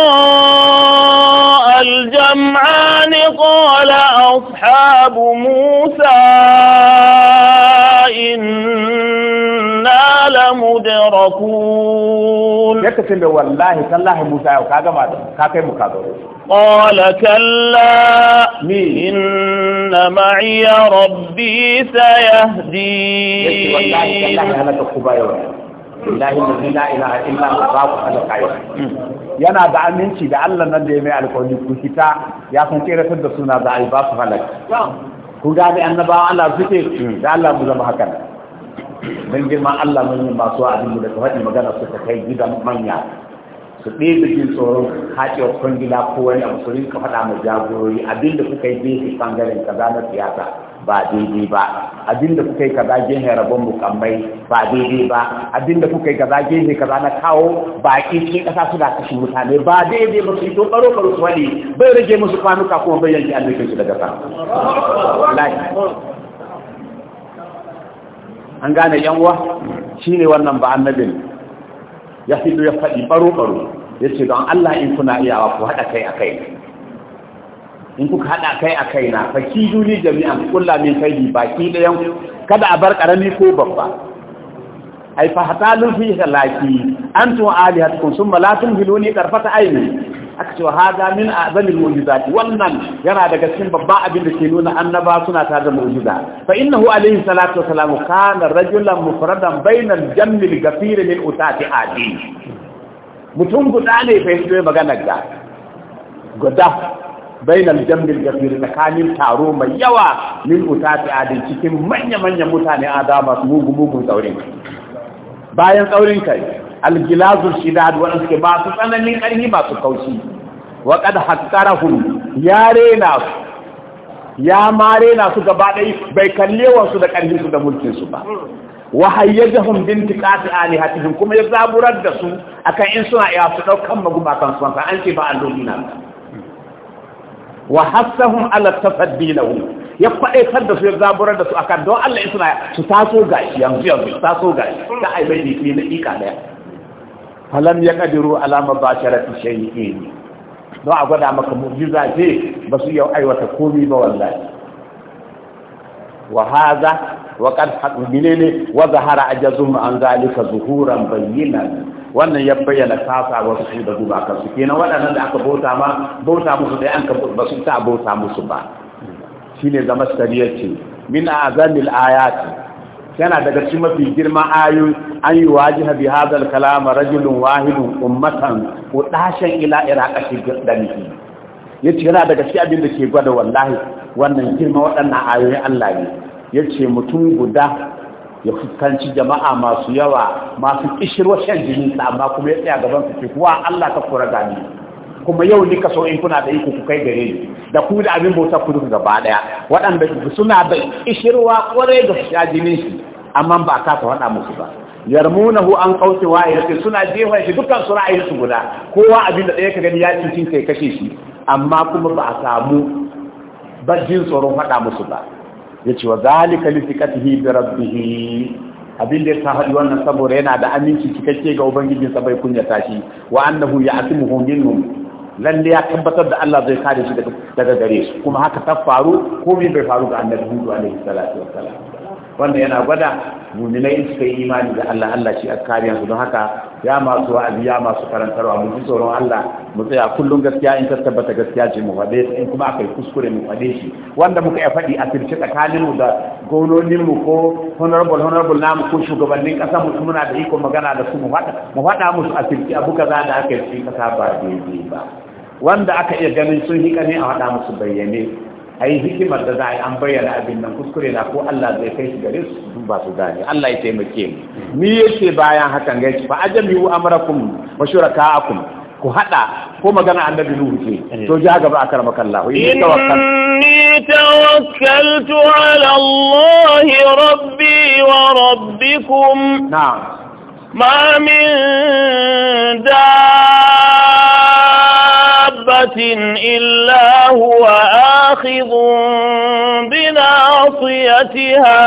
aljam'an qala ashabu musa inna la mudrakun sai ka ce mai wallahi tallahi musa yau ka gama da ka kai mu ka zo qala kalla mi inna ma'iya rabbi sayahdi wallahi tallahi halaka ku ba yau billahi la ilaha illa huwa babu halaka yau yana da aminci da Allah nan da ya mai alƙawari ku fita ya san tseratar da suna za a yi ba su halaka ku gane annabawa Allah suke da Allah mu zama hakan mun girma Allah mun yi masu abin da ka faɗi magana su ta kai gidan manya su da jin tsoron haƙewar kwangila ko wani abu su rinka faɗa ma jagorori abinda da kuka yi gefe ɓangaren kaza na siyasa ba daidai ba abinda da kuka yi kaza gefe rabon mukammai ba daidai ba abinda da kuka yi kaza gefe kaza na kawo baƙi cikin ƙasa suna kashe mutane ba daidai ba su yi don ɓaro ɓaro su wani bai rage musu kwanuka kuma bai yanke an su daga sama. an gane yanwa ne wannan ba annabin ya fito ya faɗi baro-baro ya ce don Allah in kuna iyawa ku haɗa kai a kai in kuka haɗa kai a kai na faki duni jami'an kulla min kai baki ɗayan kada a bar ƙarami ko babba ai fa hatalun fi halaki antum alihatkum summa la tumhiluni ƙarfata ayni aka cewa haza min azamil mu'jizati wannan yana daga cikin babban abin da ke nuna annaba suna tare da mu'jiza fa innahu alayhi salatu wassalamu kana rajulan mufradan bainal jammil gafir min utati adi mutum guda ne fa yaso magana ga guda bainal jammil gafir tsakanin taro mai yawa min utati adi cikin manya manyan mutane adama su mugu mugun tsaurin bayan tsaurin kai algilazu shidad wanda suke masu tsananin ƙarfi masu kaushi wa qad haqqarahum ya rena su ya mare na su gaba ɗaya bai kalle wasu da ƙarfin su da mulkin su ba wa hayyajahum bin tiqati alihatihim kuma ya zaburar da su akan in suna iya su daukan maguma kan su an ce ba alloli na wa hasahum ala tafaddi lahum ya faɗaitar da su ya zaburar da su akan don Allah ya suna su taso gashi yanzu yanzu taso gashi ta aibai ne na ika daya falam ya kadiru alama ba sharafi shay'in don a gwada maka mu'jiza ce ba su yau aiwata komi ba wallahi wa hadha wa qad ne wa zahara ajazum an zalika zuhuran bayyana. wannan ya bayyana kasa wa su da guba kan su kenan waɗannan da aka bauta ma bauta musu da an ba su ta bauta musu ba shine zama sariyar ce min azamil ayati yana daga cikin mafi girma ayoyi an yi wajiha bi hadal kalama rajulun wahidun ummatan udashan ila iraqati dalihi yace yana daga cikin abin da ke gwada wallahi wannan girma waɗannan ayoyin Allah ne yace mutum guda ya fuskanci jama'a masu yawa masu kishirwa shan jini amma kuma ya tsaya gaban su ce kuwa Allah ka kura gani kuma yau ni kaso in kuna da iko ku kai gare ni da ku da abin bauta ku duka gaba daya waɗanda suna da ishirwa kwarai da su sha shi amma ba ka ta faɗa musu ba yarmunahu an qawti wa'ilati suna jefa shi dukkan su ra'ayin su guda kowa abin da ɗaya ka gani ya cincin kai kashe shi amma kuma ba a samu bajin tsoron faɗa musu ba yace wa zalika li thiqatihi bi rabbihi abin da ya haɗi wannan saboda yana da aminci cikakke ga ubangijinsa bai kunyata tashi. wa annahu ya'timuhu minhum lalle ya tabbatar da Allah zai kare shi daga gare shi kuma haka ta faru komai bai faru ga annabi Hudu alaihi salatu wassalam wannan yana gwada muminai su yi imani da Allah Allah shi a kariya su don haka ya masu wa'azi ya masu karantarwa mu ji tsoron Allah mu tsaya kullum gaskiya in ta tabbata gaskiya ce mu faɗe in kuma yi kuskure mu faɗe shi wanda muka yi faɗi a sirce tsakanin mu da gononin mu ko honorable honorable namu ko shugabannin ƙasa mu muna da iko magana da su mu faɗa mu faɗa musu a sirce abu kaza da aka yi cikin ƙasa ba daidai ba wanda aka iya ganin sun hika ne a haɗa musu bayyane a yi hikimar da za a yi an bayyana abin nan kuskure na ko Allah zai kai shi gare su ba su gane Allah ya taimake mu ni yake bayan hakan gaci fa ajamiu amrakum wa shurakaakum ku hada ko magana annabi nuhu ce eh. to ja gaba akar makallahu inni tawakkal inni tawakkaltu ala Allah rabbi wa rabbikum na'am da حبة إلا هو آخذ بناصيتها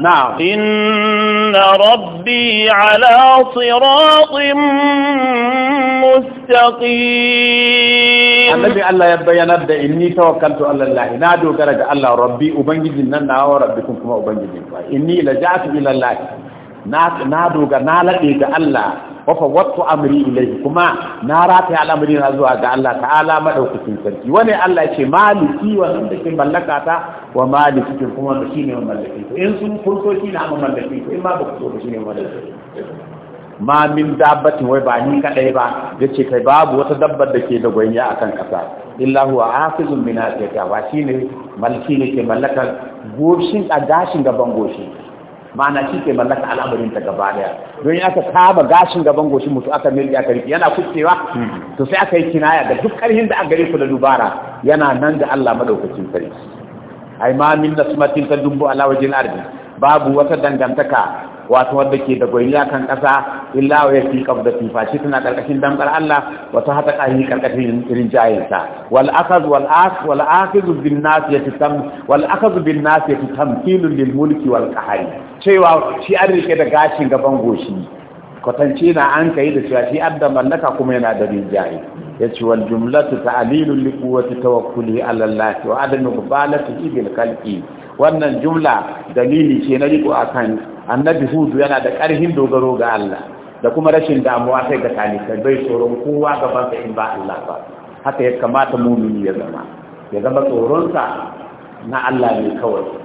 نعم إن ربي على صراط مستقيم النبي الله يا نبدأ إني توكلت على الله نادو قرد الله ربي أبنجد لنا وربكم كما أبنجد إني لجأت إلى الله نادو قرد نالك إلى الله wa wattu amri ilayhi kuma na rataya al'amari na zuwa ga Allah ta'ala madaukakin sarki wani Allah ce maliki wa da ke mallaka ta wa maliki kuma wanda shine mallaki to in sun furto shi na amma mallaki to in ma ba ku so ne mallaki ma min dabbatin wai ba ni kadai ba yace kai babu wata dabbar da ke da gwanya akan kasa illa huwa hafizun min asiyata ba shine malki ne ke mallakar goshin a gashin gaban goshin. ma'ana shi ke mallaka al'amarin ta gaba daya don aka kama gashin gaban goshin mutu aka milki aka riki yana kucewa to sai aka yi kinaya da duk karhin da aka gare ku da dubara yana nan da Allah madaukakin sarki ai ma min nasmatin ta dumbu ala wajin ardi babu wata dangantaka wato wanda ke da goyiya kan kasa illa wa yafi qabda fi fashi tana karkashin damkar Allah wata hata kahi karkashin rinjayen sa wal akhadh wal akh wal akhadh bin nas yatam wal akhadh bin nas lil mulki wal qahari cewa shi an rike da gashin gaban goshi kwatance na an kai da cewa shi an da mallaka kuma yana da rijaye ya ce wal jumlatu ta li quwwati ta ala Allah wa adamu mubalati bil Kalki? wannan jumla dalili ce na riko akan annabi hudu yana da karhin dogaro ga Allah da kuma rashin damuwa sai ga talibai bai tsoron kowa gaban sa in ba Allah ba haka ya kamata mumini ya zama ya zama tsoronsa na Allah ne kawai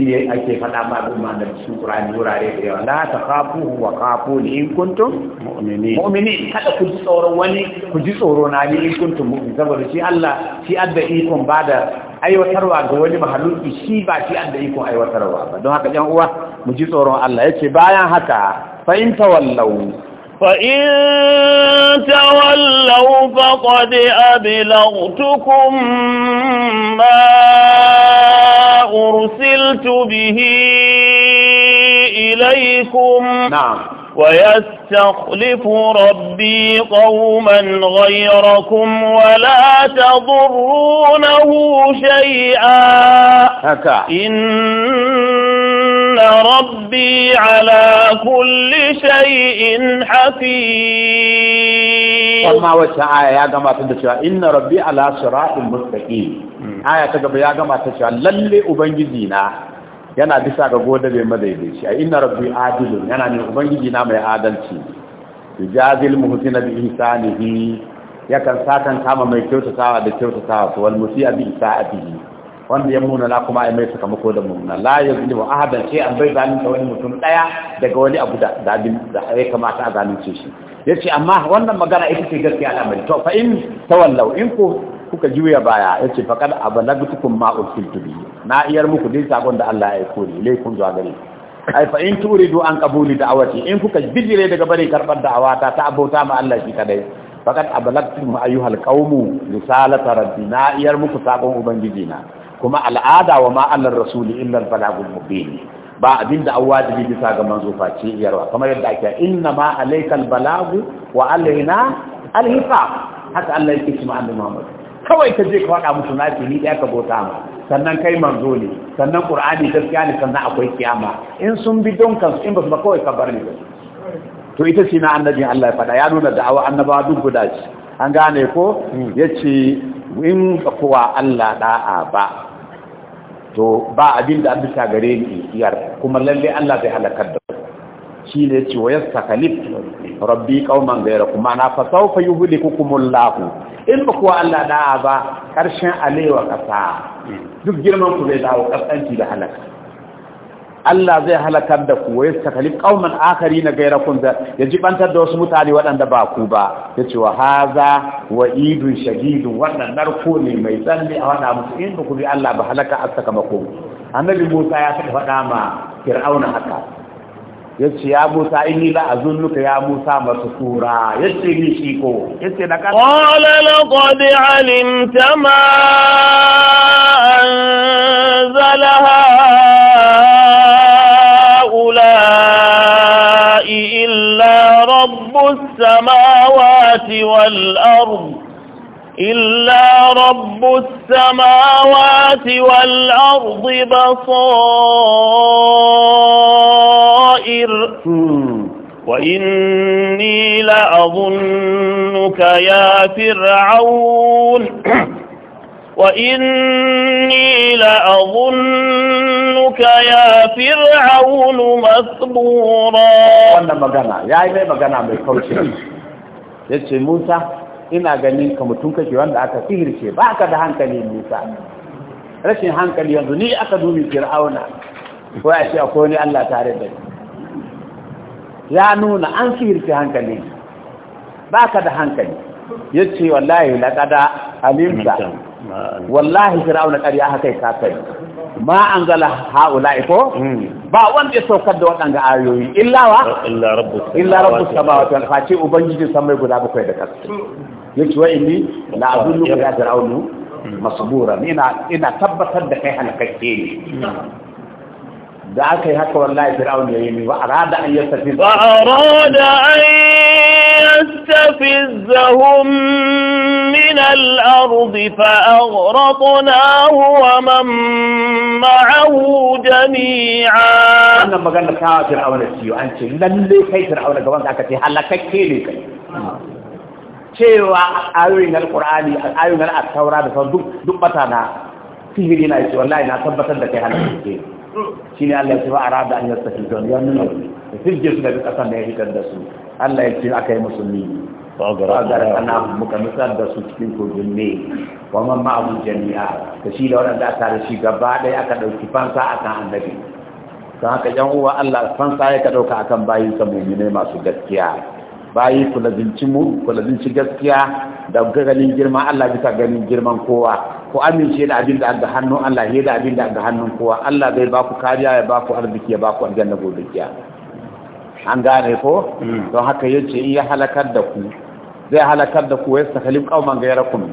ne ake faɗa ma abin da cikin Qur'ani wurare da yawa la kafu wa khafuni in kuntum Mu'mini kada ku ji tsoron wani ku ji tsoro na ni in kuntum saboda shi Allah shi adda ikon da aiwatarwa ga wani mahaluki shi ba shi adda ikon aiwatarwa ba don haka ɗan uwa mu ji tsoron Allah yace bayan haka fahimta in فإن تولوا فقد أبلغتكم ما أرسلت به إليكم نعم ويستخلف ربي قوما غيركم ولا تضرونه شيئا هكا إن إن ربي على كل شيء حفيظ وما وجه آية يا جماعة تدشوا إن ربي على صراط مستقيم آية تقبل يا جماعة تدشوا للي أبنجزينا yana bisa ga godabe madaidaici a inna rabbi adilun yana ne ubangiji na mai adalci yujazil muhsina bi ihsanihi yakan sakan kama mai kyautatawa da kyautatawa wal musi'a bi isa'atihi wanda ya munana kuma a mai sakamako da munana la ya zini wa ahada ce an bai zalunta wani mutum daya daga wani abu da ya kamata a zalunce shi ya amma wannan magana ita ce gaskiya al'amari to fa in tawallau in ko kuka juya baya ya ce faƙar abalagtukum ma ursiltu bi na iyar muku dai sakon da Allah ya aiko ni laikun zuwa gare ai fa in turidu an qabuli da'awati in kuka bijire daga bare karbar da'awata ta abota ma Allah shi kadai fakat abalaktum ayyuhal qaumu risalata rabbina iyar muku sakon ubangijina kuma al'ada wa ma'allar rasuli illa al-balagul mubin ba abinda an wajibi bisa ga manzo face yarwa kamar yadda ake inna ma alaikal balagu wa alaina alhisab haka Allah yake cewa annabi Muhammad kawai ka je ka faɗa musu na ni ɗaya ka bota mu sannan kai manzo ne sannan qur'ani gaskiya ne sannan akwai kiyama in sun bi don kansu in ba su kawai ka bar ni to ita ce na annabi Allah ya faɗa ya nuna da'awa annaba duk guda ce an gane ko hmm. yace in kowa Allah da'a ba to ba abin da abin ta gare ni iyar kuma lalle Allah zai halakar da shi ne ce wa kalif rabbi qauman ghayrakum kuma na fa sawfa yuhlikukumullah in ba kuwa Allah da ba karshen alewa kasa duk girman ku zai dawo kasanci da halaka Allah zai halakar da ku wai takalif qauman akari na gaira kun da ya jibantar da wasu mutane waɗanda ba ku ba ya ce wa haza wa idun shadidun wannan narko ne mai tsalle a wada musu in ku bi Allah ba halaka a sakamako annabi Musa ya faɗa ma Fir'auna haka yace ya Musa inni la azunnuka ya Musa masura yace ni shi ko yace da kan qala laqad alimta ma anzalaha ulai illa rabbus samawati wal ardh إلا رب السماوات والأرض بصائر وإني لأظنك يا فرعون وإني لأظنك يا فرعون مثبورا وانا مغانا يا إلي مغانا بالكوشي يتشي موسى ina ganin ka mutum kake wanda aka sihirce ba ka da hankali nisa rashin hankali yanzu ni aka dubi fir'auna ko ya ce akwai wani Allah tare da ya nuna an sihirce hankali ba ka da hankali ya ce wallahi laƙada alimta wallahi fir'auna ƙarya haka ya kai ma an zala ha'ula iko hmm. ba wanda ya saukar da waɗanda ayoyi illawa illa rabbus samawati wal fati ubangijin samai guda bakwai da kasu yace wa inni la azunnu ya fir'aunu masburan ina ina tabbatar da kai halakakke ne da aka yi haka wallahi fir'aun ya yi ni wa arada an yastafiz wa arada an yastafizahum min al-ard fa aghraqnahu wa man ma'ahu jami'a wannan magana ta fir'aun ce an ce lalle kai fir'aun gaban ka ce halakakke ne kai cewa ayoyin a ayoyin al'asaura da sau duk bata na sihiri na ce wallahi na tabbatar da kai halin suke shi ne Allah ya ba arada an yasta tafi don yan nuna da sirge su daga kasan da ya hitar da su Allah ya ce aka yi musulmi fagara kana muka nutsar da su cikin kogin ne wa man jami'a da shi da waɗanda aka da shi gaba ɗaya aka ɗauki fansa akan annabi don haka yan uwa Allah fansa ya ka ɗauka akan bayin sa mu'minai masu gaskiya bayi ku lazinci mu ku lazinci gaskiya da ganin girma Allah bisa ganin girman kowa ku amince da abin da aka hannu Allah ya da abin da aka hannun kowa Allah zai ba ku kariya ya ba ku arziki ya ba ku aljanna gobe kiyama an gane ko mm. don haka yace in ya halakar da ku zai halakar da ku ya sakalin kauman gairakum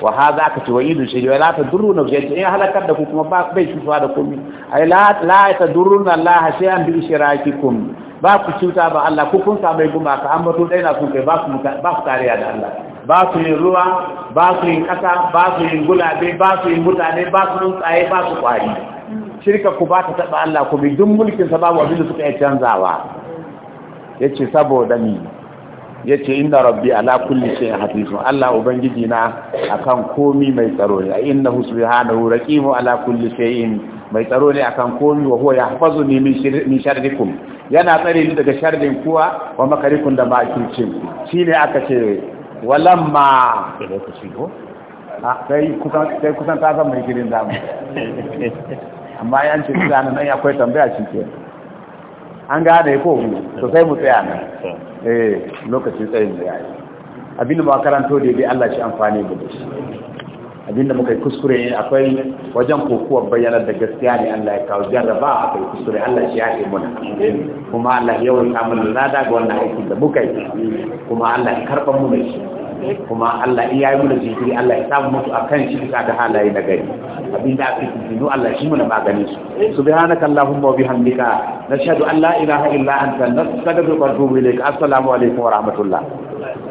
wa hadha aka ce wa idu shi la ta na yace in ya halakar da ku kuma ba bai shi da komai ai la la ta na Allah shay'an bi shirakikum ba ku cuta ba Allah ku kun samu gumaka an bato dai na sun kai ba ku ba ku kariya da Allah ba ku yin ruwa ba ku yin kasa ba ku yin gulabe ba ku yin mutane ba ku yin tsaye ba ku kwari shirka ku ba ta taba Allah ku bi duk mulkin sa babu abin da suka yi canzawa yace saboda ni yace inna rabbi ala kulli shay'in hafiz Allah ubangiji na akan komi mai tsaro ne innahu subhanahu raqibu ala kulli shay'in mai tsaro ne akan komi wa huwa yahfazu ni min sharrikum yana tsare ni daga sharrin kuwa wa makarikun da makircin shine aka ce walamma sai ah, kusan ta san mai girin zamu <laughs> amma yan ce tsana nan akwai tambaya shi ke an gane ko to sai mu tsaya nan <laughs> eh lokacin tsayin da yayi abin da ba karanto da Allah shi amfani da shi abinda muka yi kuskure ne akwai wajen kokuwar bayyanar da gaskiya ne Allah ya kawo ba a kai kuskure Allah shi ya ke muna kuma Allah ya yawan samun lada ga wannan aiki da muka yi kuma Allah ya karɓa mu shi kuma Allah ya yi muna jinkiri Allah ya samu mutu akan shi bisa da halaye na gari abinda aka yi tuntunu Allah shi muna maganin su subhanaka allahumma wa bihamdika nashhadu an la ilaha illa anta nastaghfiruka wa atubu ilaik assalamu alaikum wa rahmatullah